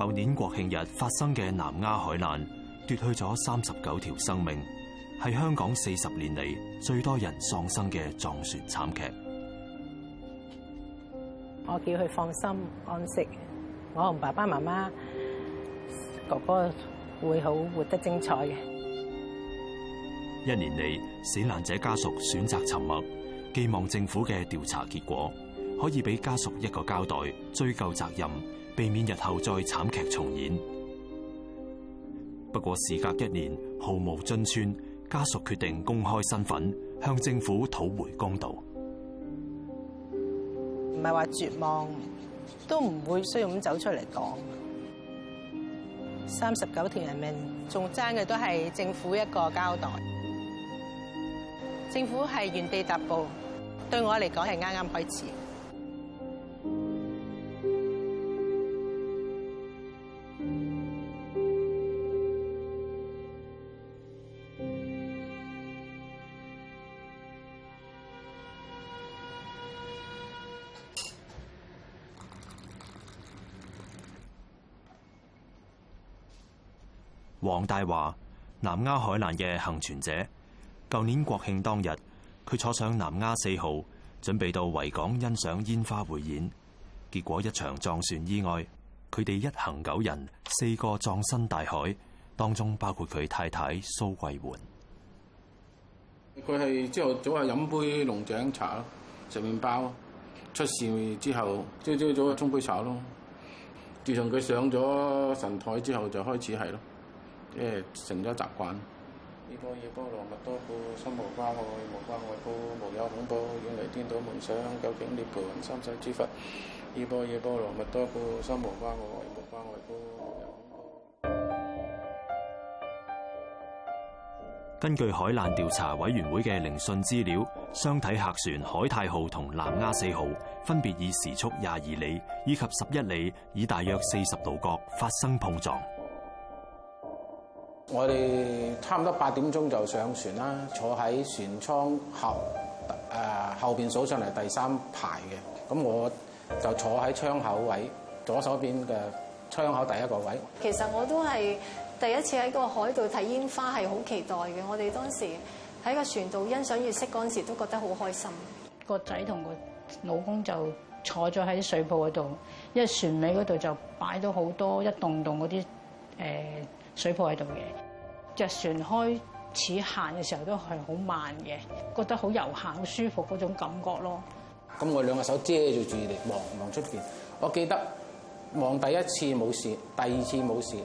舊年國慶日發生嘅南丫海難，奪去咗三十九條生命，係香港四十年嚟，最多人喪生嘅撞船慘劇。我叫佢放心安息，我同爸爸媽媽哥哥會好活得精彩嘅。一年嚟，死難者家屬選擇沉默，寄望政府嘅調查結果可以俾家屬一個交代，追究責任。避免日後再慘劇重演。不過事隔一年，毫無進展，家屬決定公開身份，向政府討回公道。唔係話絕望，都唔會需要咁走出嚟講。三十九條人命，仲爭嘅都係政府一個交代。政府係原地踏步，對我嚟講係啱啱開始。黃大華，南丫海難嘅幸存者，舊年國慶當日，佢坐上南丫四號，準備到維港欣賞煙花匯演，結果一場撞船意外，佢哋一行九人四個葬身大海，當中包括佢太太蘇桂媛。佢係朝後早啊飲杯龍井茶咯，食麵包。出事之後，朝朝早啊沖杯茶咯。自從佢上咗神台之後，就開始係咯。即成咗習慣。依波耶波羅蜜多故，心無掛礙，無掛礙故，無有恐怖，遠離顛倒夢想。究竟涅槃，三世之佛。依波耶波羅蜜多故，心無掛礙，無掛礙故。根據海難調查委員會嘅聆訊資料，雙體客船海泰號同南丫四號分別以時速廿二里以及十一里，以大約四十度角發生碰撞。我哋差唔多八點鐘就上船啦，坐喺船艙後誒、呃、後邊數上嚟第三排嘅，咁我就坐喺窗口位，左手邊嘅窗口第一個位。其實我都係第一次喺個海度睇煙花，係好期待嘅。我哋當時喺個船度欣賞月色嗰陣時，都覺得好開心。個仔同個老公就坐咗喺水泡嗰度，因為船尾嗰度就擺咗好多一棟棟嗰啲誒、呃水泡喺度嘅，隻船開始行嘅時候都係好慢嘅，覺得好悠閒舒服嗰種感覺咯。咁我兩個手遮住注意力，望望出邊。我記得望第一次冇事，第二次冇事，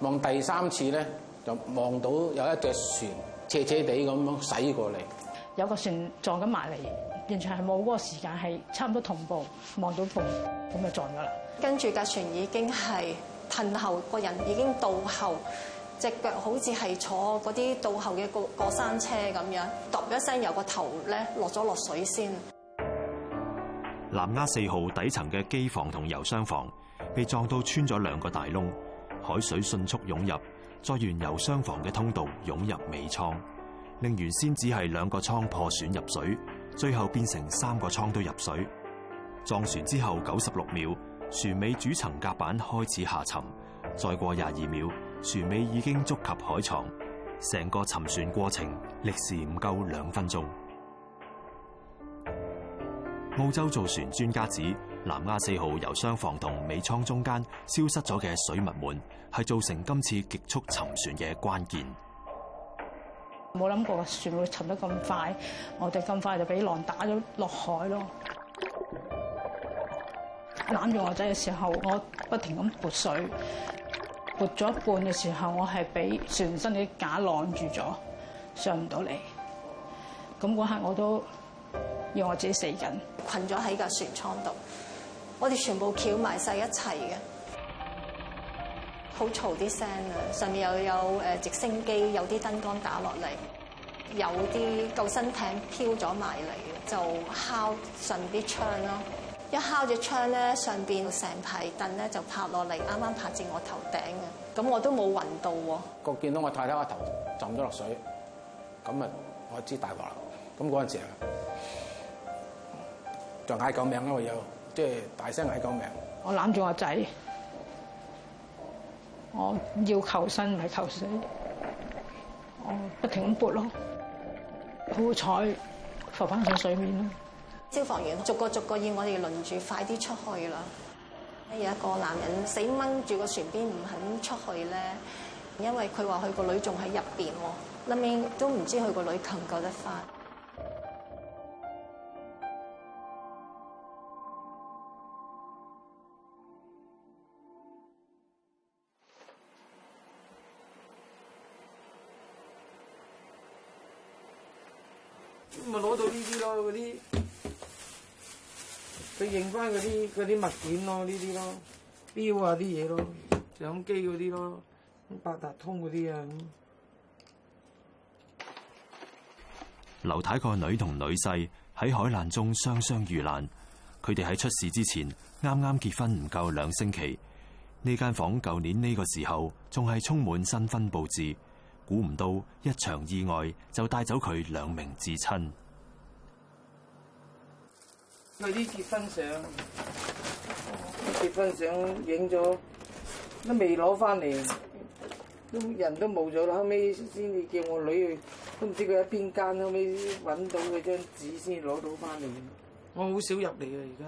望第三次咧就望到有一隻船斜斜地咁樣駛過嚟，有個船撞緊埋嚟，完全係冇嗰個時間係差唔多同步望到碰，咁就撞咗啦。跟住架船已經係。褪後個人已經倒後，隻腳好似係坐嗰啲倒後嘅過山車咁樣，揼一聲由個頭咧落咗落水先。南丫四號底層嘅機房同油箱房被撞到穿咗兩個大窿，海水迅速湧入，再沿油箱房嘅通道湧入尾倉，令原先只係兩個倉破損入水，最後變成三個倉都入水。撞船之後九十六秒，船尾主層甲板開始下沉，再過廿二秒，船尾已經觸及海床，成個沉船過程歷時唔夠兩分鐘。澳洲造船專家指，南丫四號油箱房同尾艙中間消失咗嘅水密門，係造成今次極速沉船嘅關鍵。冇諗過船會沉得咁快，我哋咁快就俾浪打咗落海咯。攬住我仔嘅時候，我不停咁撥水，撥咗一半嘅時候，我係俾船身嘅架攔住咗，上唔到嚟。咁嗰刻我都以為自己死緊，困咗喺架船艙度。我哋全部翹埋晒一齊嘅，好嘈啲聲啊！上面又有誒直升機，有啲燈光打落嚟，有啲救生艇漂咗埋嚟，就敲順啲窗啦。一敲隻窗咧，上邊成排凳咧就拍落嚟，啱啱拍至我頭頂嘅，咁我都冇暈到喎。個見到我太太個頭浸咗落水，咁啊，我知大鑊啦。咁嗰陣時啊，就嗌救命，因為我有即係大聲嗌救命。我攬住我仔，我要求生唔係求死，我不停咁撥咯，好彩浮翻上水面啦。消防員逐個逐個要我哋輪住，快啲出去啦！有一個男人死掹住個船邊唔肯出去咧，因為佢話佢個女仲喺入邊，後面都唔知佢個女夠唔夠得翻。咪攞到呢啲咯，嗰啲。佢認翻嗰啲啲物件咯，呢啲咯，錶啊啲嘢咯，相機嗰啲咯，八達通嗰啲啊咁。劉太個女同女婿喺海難中雙雙遇難，佢哋喺出事之前啱啱結婚唔夠兩星期。呢間房舊年呢個時候仲係充滿新婚佈置，估唔到一場意外就帶走佢兩名至親。佢呢次婚相，結婚相影咗都未攞翻嚟，都人都冇咗啦。後尾先至叫我女去，都唔知佢喺邊間。後尾揾到佢張紙先攞到翻嚟。我好少入嚟啊！而家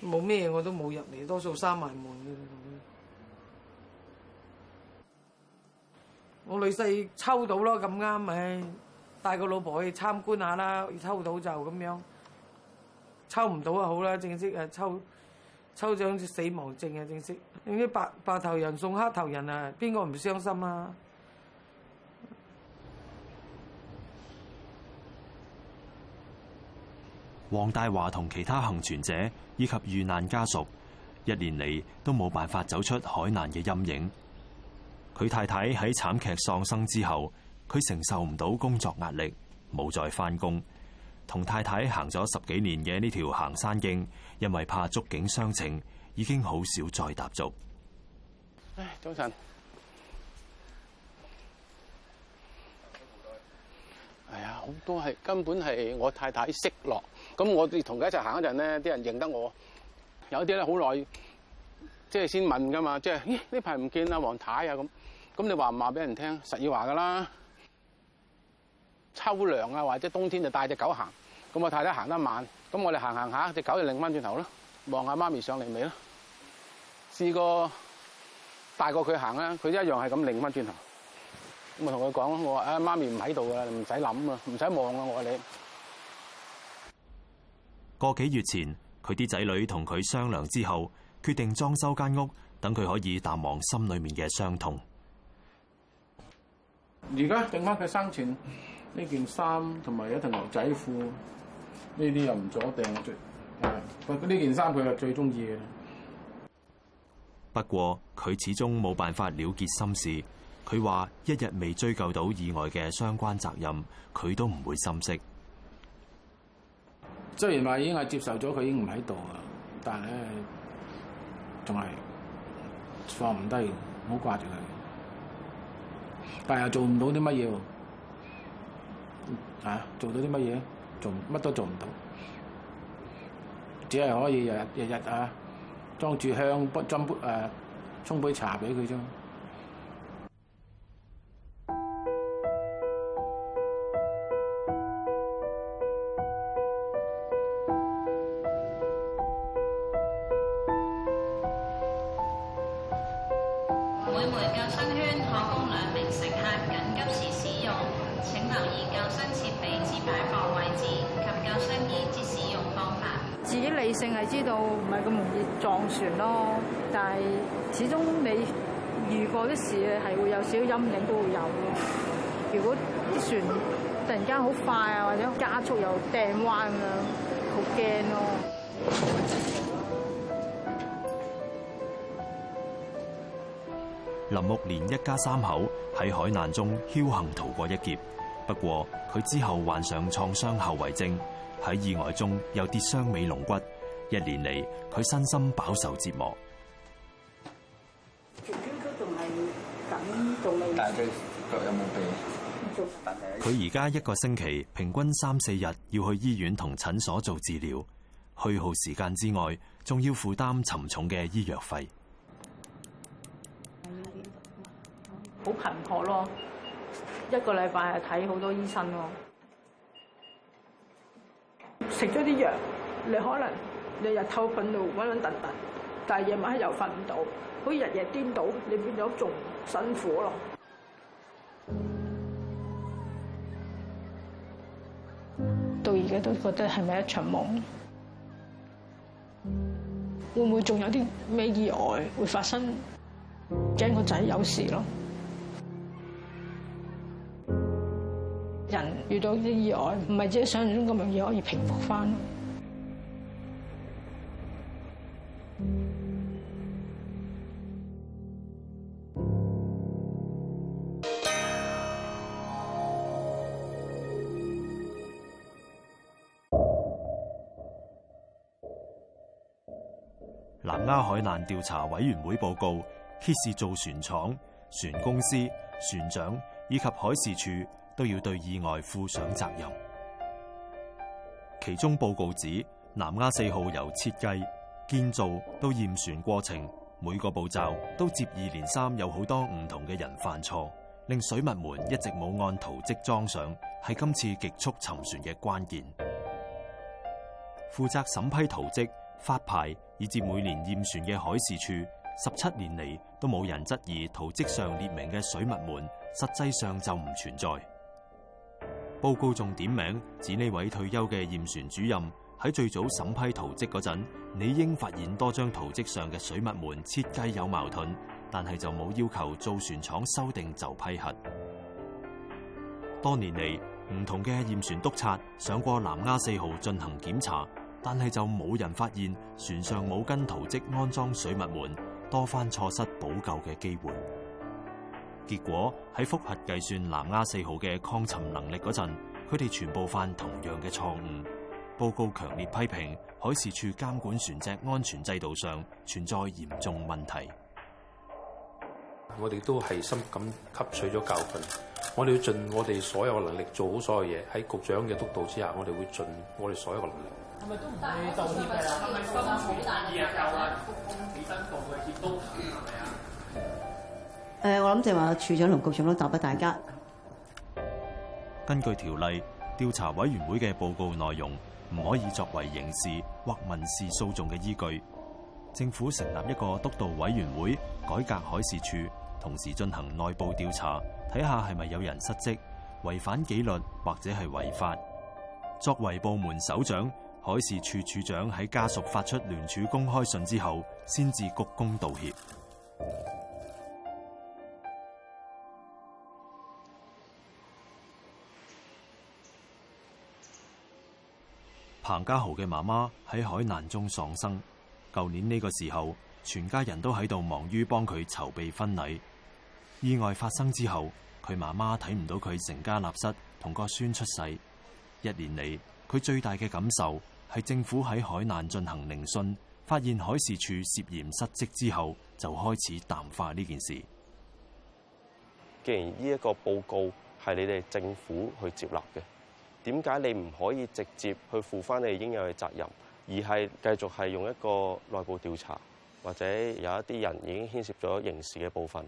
都冇咩，我都冇入嚟，多數閂埋門嘅。我女婿抽到咯，咁啱咪帶個老婆去參觀下啦。抽到就咁樣。抽唔到啊，好啦，正式誒抽抽張死亡證啊，正式，啲白白頭人送黑頭人啊，邊個唔傷心啊？黃大華同其他幸存者以及遇難家屬，一年嚟都冇辦法走出海難嘅陰影。佢太太喺慘劇喪生之後，佢承受唔到工作壓力，冇再返工。同太太行咗十幾年嘅呢條行山徑，因為怕觸景傷情，已經好少再踏足。唉、哎，早晨、哎呀。係啊，好多係根本係我太太識落，咁我哋同佢一齊行嗰陣咧，啲人認得我。有啲咧好耐，即係先問噶嘛，即係呢排唔見啊，黃太啊咁。咁你話唔話俾人聽？實要話噶啦。秋涼啊，或者冬天就帶隻狗行，咁我太太行得慢，咁我哋行行下，隻狗就擰翻轉頭咯，望下媽咪上嚟未咯？試過帶過佢行啦，佢一樣係咁擰翻轉頭。咁我同佢講，我話啊媽咪唔喺度啦，唔使諗啦，唔使望啦，我話你。個幾月前，佢啲仔女同佢商量之後，決定裝修間屋，等佢可以淡忘心裡面嘅傷痛。而家淨返佢生存。呢件衫同埋一條牛仔褲，呢啲又唔阻訂，佢呢件衫佢係最中意嘅。不過佢始終冇辦法了結心事，佢話一日未追究到意外嘅相關責任，佢都唔會心息。雖然話已經係接受咗，佢已經唔喺度啊，但係咧，仲係放唔低，唔好掛住佢。但係又做唔到啲乜嘢。啊，做到啲乜嘢？做乜都做唔到，只係可以日日日日啊，裝住香樽杯啊，沖杯茶俾佢啫。每枚救生圈可供兩名乘客緊急時使用。請留意救生設備之擺放位置及救生衣之使用方法。自己理性係知道唔係咁容易撞船咯，但係始終你遇過啲事係會有少少陰影都會有咯。如果啲船突然間好快啊，或者加速又掟彎咁樣，好驚咯。林木蓮一家三口。喺海難中僥倖逃過一劫，不過佢之後患上創傷後遺症，喺意外中又跌傷尾龍骨，一年嚟，佢身心飽受折磨。佢而家一個星期平均三四日要去醫院同診所做治療，去耗時間之外，仲要負擔沉重嘅醫藥費。好頻撲咯，一個禮拜係睇好多醫生咯，食咗啲藥，你可能日日頭瞓到揾揾突突，但係夜晚黑又瞓唔到，好似日日顛倒，你變咗仲辛苦咯。到而家都覺得係咪一場夢？會唔會仲有啲咩意外會發生？驚個仔有事咯～遇到啲意外，唔係即係想象中咁容易可以平復翻。南丫海難調查委員會報告，揭示造船廠、船公司、船長以及海事處，都要對意外負上責任。其中報告指，南丫四號由設計、建造到驗船過程，每個步驟都接二連三有好多唔同嘅人犯錯，令水密門一直冇按圖則裝上，係今次極速沉船嘅關鍵。負責審批圖則發牌，以至每年驗船嘅海事處，十七年嚟都冇人質疑圖則上列明嘅水密門實際上就唔存在。報告重點名指呢位退休嘅驗船主任喺最早審批圖則嗰陣，理應發現多張圖則上嘅水密門設計有矛盾，但係就冇要求造船廠修訂就批核。多年嚟，唔同嘅驗船督察上過南丫四號進行檢查，但係就冇人發現船上冇跟圖則安裝水密門，多番錯失補救嘅機會。結果喺復核計算南丫四號嘅抗沉能力嗰陣，佢哋全部犯同樣嘅錯誤。報告強烈批評海事處監管船隻安全制度上存在嚴重問題。我哋都係深感吸取咗教訓，我哋要盡我哋所有能力做好所有嘢。喺局長嘅督導之下，我哋會盡我哋所有嘅能力。係咪都唔係就業嘅啦？係咪收入好大嘅？夠啦，起身做嘅接刀係咪誒、呃，我諗就話處長同局長都答畀大家。根據條例，調查委員會嘅報告內容唔可以作為刑事或民事訴訟嘅依據。政府成立一個督導委員會，改革海事處，同時進行內部調查，睇下係咪有人失職、違反紀律或者係違法。作為部門首長，海事處處長喺家屬發出聯署公開信之後，先至鞠躬道歉。彭家豪嘅媽媽喺海難中喪生，舊年呢個時候，全家人都喺度忙於幫佢籌備婚禮。意外發生之後，佢媽媽睇唔到佢成家立室同個孫出世。一年嚟，佢最大嘅感受係政府喺海難進行聆訊，發現海事處涉嫌失職之後，就開始淡化呢件事。既然呢一個報告係你哋政府去接納嘅。點解你唔可以直接去負翻你的應有嘅責任，而係繼續係用一個內部調查，或者有一啲人已經牽涉咗刑事嘅部分，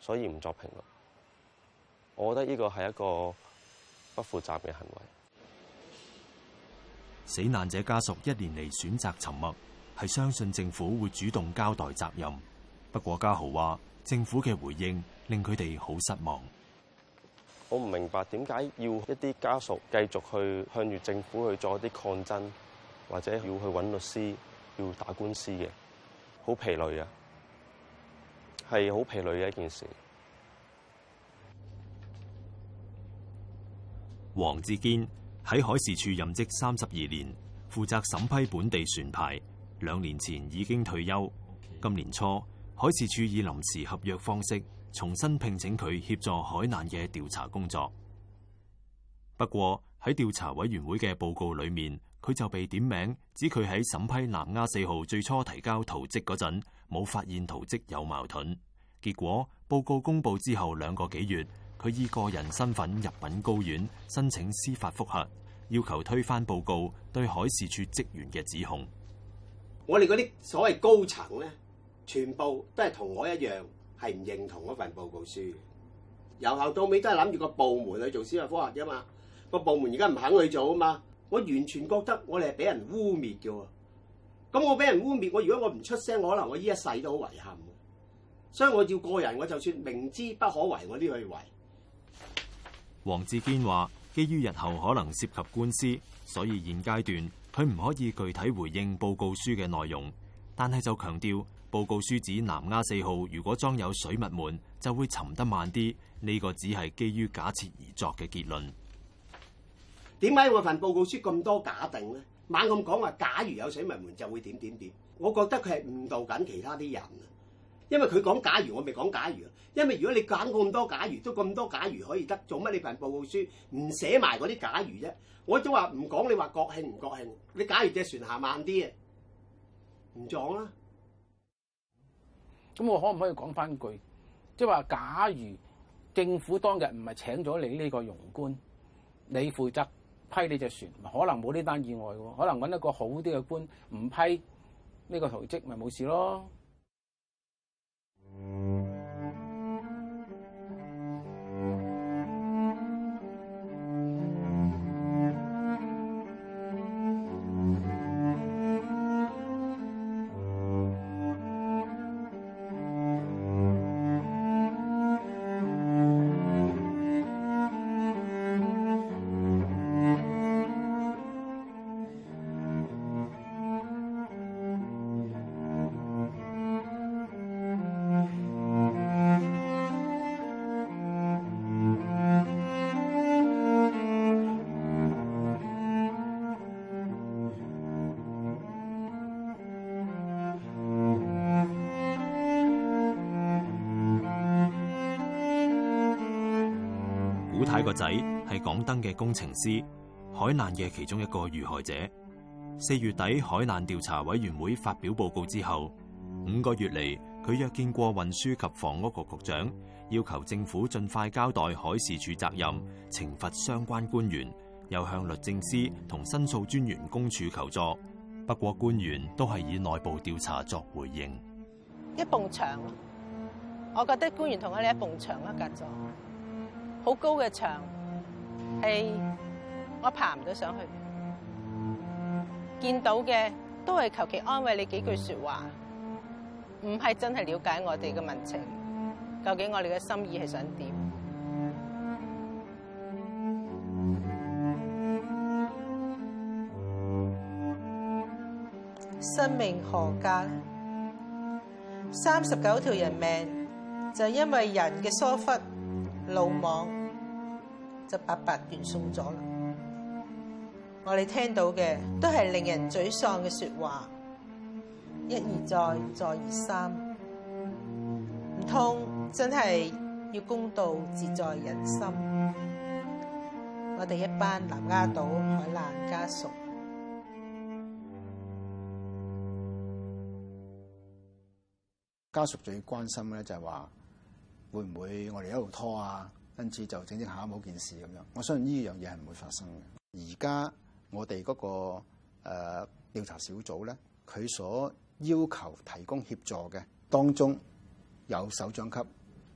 所以唔作評論。我覺得呢個係一個不負責嘅行為。死難者家屬一年嚟選擇沉默，係相信政府會主動交代責任。不過家豪話，政府嘅回應令佢哋好失望。我唔明白點解要一啲家屬繼續去向住政府去做一啲抗爭，或者要去揾律師，要打官司嘅，好疲累啊，係好疲累嘅一件事。黃志堅喺海事處任職三十二年，負責審批本地船牌，兩年前已經退休。今年初，海事處以臨時合約方式，重新聘請佢協助海難嘅調查工作。不過喺調查委員會嘅報告裏面，佢就被點名指佢喺審批南丫四號最初提交圖則嗰陣，冇發現圖則有矛盾。結果報告公佈之後兩個幾月，佢以個人身份入禀高院申請司法覆核，要求推翻報告對海事處職員嘅指控。 我哋嗰啲所謂高層呢，全部都係同我一樣。係唔認同嗰份報告書，由頭到尾都係諗住個部門去做司法科學啫嘛。個部門而家唔肯去做啊嘛。我完全覺得我哋係俾人污蔑嘅喎。咁我俾人污蔑，我如果我唔出聲，我可能我呢一世都好遺憾。所以我要個人，我就算明知不可為，我都去為。黃志堅話，基於日後可能涉及官司，所以現階段佢唔可以具體回應報告書嘅內容，但係就強調。報告書指南丫四號如果裝有水密門，就會沉得慢啲。呢個只係基於假設而作嘅結論。點解我份報告書咁多假定咧？猛咁講話，假如有水密門就會點點點。我覺得佢係誤導緊其他啲人，因為佢講假如，我未講假如。因為如果你講咁多假如，都咁多假如可以得，做乜你份報告書唔寫埋嗰啲假如啫？我都話唔講你話國慶唔國慶，你假如隻船下慢啲啊，唔撞啦。咁我可唔可以講翻句，即係話，假如政府當日唔係請咗你呢個庸官，你負責批呢隻船，可能冇呢單意外喎，可能搵一個好啲嘅官唔批呢個圖則咪冇事咯。個仔係港燈嘅工程師，海難嘅其中一個遇害者。四月底，海難調查委員會發表報告之後，五個月嚟，佢約見過運輸及房屋局局長，要求政府盡快交代海事處責任，懲罰相關官員，又向律政司同申訴專員公署求助。不過，官員都係以內部調查作回應。一埲牆，我覺得官員同我哋一埲牆啊，隔咗。好高嘅牆，係我爬唔到上去的。見到嘅都係求其安慰你幾句說話，唔係真係了解我哋嘅民情，究竟我哋嘅心意係想點？生命何價？三十九條人命就係因為人嘅疏忽。魯莽就白白斷送咗啦！我哋聽到嘅都係令人沮喪嘅說話，一而再，再而三，唔通真係要公道自在人心？我哋一班南丫島海難家屬，家屬最關心咧就係話。會唔會我哋一路拖啊？因此就整整下某件事咁樣。我相信呢樣嘢係唔會發生嘅。而家我哋嗰、那個誒調、呃、查小組咧，佢所要求提供協助嘅當中有首長級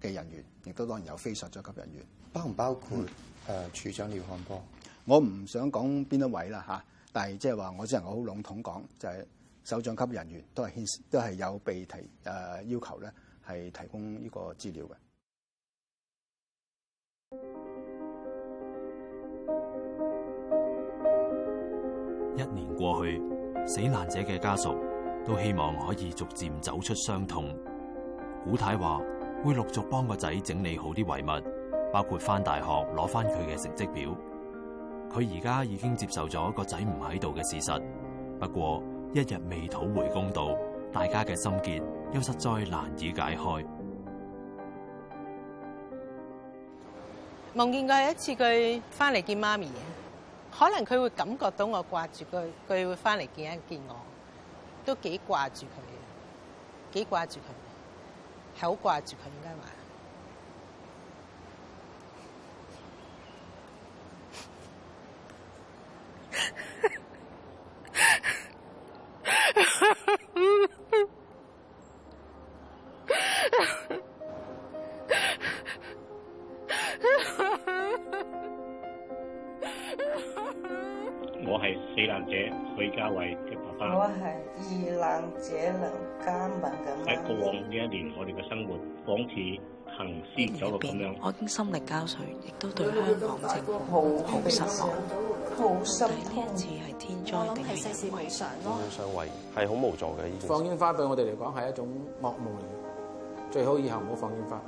嘅人員，亦都當然有非實職級人員，包唔包括誒、嗯呃、處長廖漢波？我唔想講邊一位啦嚇、啊，但係即係話我只能我好籠統講，就係、是、首長級人員都係牽涉，都有被提誒、呃、要求咧。係提供呢個資料嘅。一年過去，死難者嘅家屬都希望可以逐漸走出傷痛。古太話會陸續幫個仔整理好啲遺物，包括返大學攞返佢嘅成績表。佢而家已經接受咗個仔唔喺度嘅事實，不過一日未討回公道，大家嘅心結，又實在難以解開。夢見過一次，佢翻嚟見媽咪，可能佢會感覺到我掛住佢，佢會翻嚟見一見我，都幾掛住佢嘅。幾掛住佢，係好掛住佢應該話。許家偉嘅爸爸，我係罹難者梁嘉敏嘅媽。喺過往呢一年，我哋嘅生活仿似行屍走肉。我已經心力交瘁，亦都對香港政府好失望。好失望。但係呢一次係天災地滅。我係世事無常咯、啊。上位係好無助嘅。放煙花對我哋嚟講係一種噩夢，最好以後唔好放煙花。